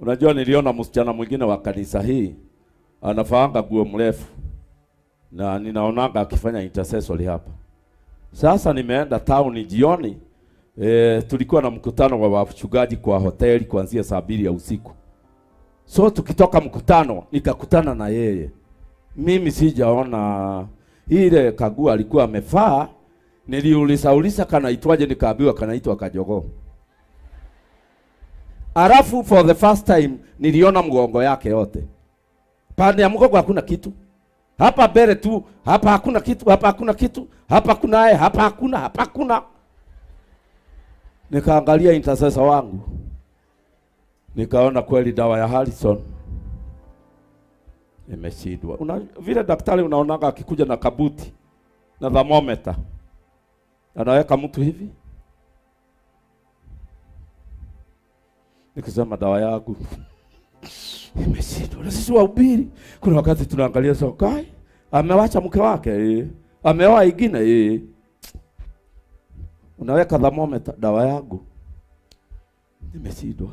Unajua, niliona msichana mwingine wa kanisa hii anafaanga guo mrefu na ninaonanga akifanya intercessory hapa. Sasa nimeenda town jioni e, tulikuwa na mkutano wa wafugaji kwa hoteli kuanzia saa mbili ya usiku. So tukitoka mkutano nikakutana na yeye. Mimi sijaona ile kagua alikuwa amefaa, Niliulisaulisa kanaitwaje, nikaambiwa kanaitwa kajogoo. Alafu for the first time niliona mgongo yake yote. Pande ya mgongo hakuna kitu. Hapa mbele tu, hapa hakuna kitu, hapa hakuna kitu, hapa kunaye, hapa hakuna, hapa hakuna. Nikaangalia intercessor wangu. Nikaona kweli dawa ya Harrison imeshindwa. Una vile daktari unaonaga akikuja na kabuti na thermometer. Anaweka mtu hivi. nikisema dawa yangu imeshindwa. Na sisi wahubiri, kuna wakati tunaangalia sokai, amewacha mke wake eh, ameoa ingine eh, unaweka thermometer, dawa yangu nimeshindwa.